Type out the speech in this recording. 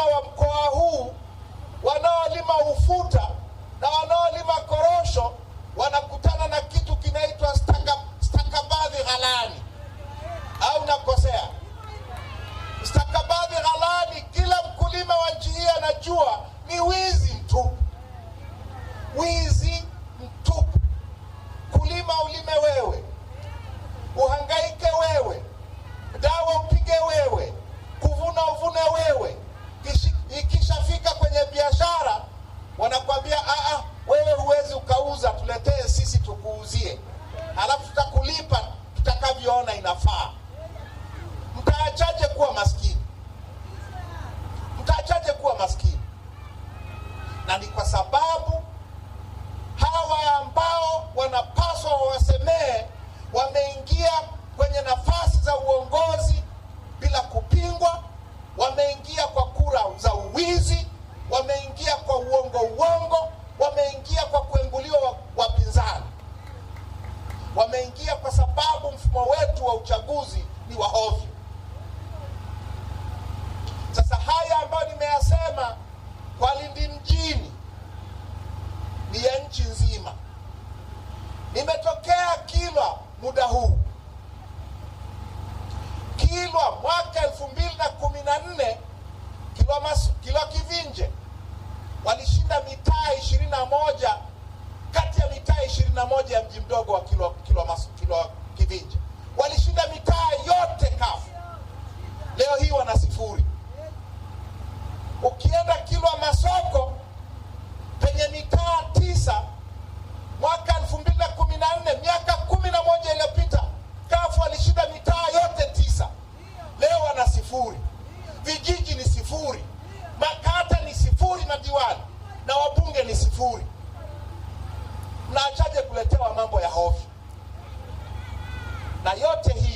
wakulima wa mkoa huu wanaolima ufuta na wanaolima korosho wanakutana na kitu kinaitwa stakabadhi ghalani, au nakosea? mkiona inafaa. Mtaachaje kuwa maskini, mtaachaje kuwa maskini, na ni kwa sababu tunaingia, kwa sababu mfumo wetu wa uchaguzi ni wa ovyo. Sasa haya ambayo nimeyasema kwa Lindi mjini ni ya nchi nzima. Nimetokea Kilwa muda huu. Kilwa mwaka elfu mbili na kumi na nne Kilwa, Kilwa Kivinje walishinda mitaa ishirini na moja kati ya mitaa ishirini na moja ya mji mdogo wa Kilwa Ukienda Kilwa Masoko penye mitaa tisa mwaka elfu mbili na kumi na nne miaka kumi na moja iliyopita kafu alishinda mitaa yote tisa. Leo wana sifuri, vijiji ni sifuri, makata ni sifuri, madiwani na wabunge ni sifuri. Mnaachaje kuletewa mambo ya hofu na yote hii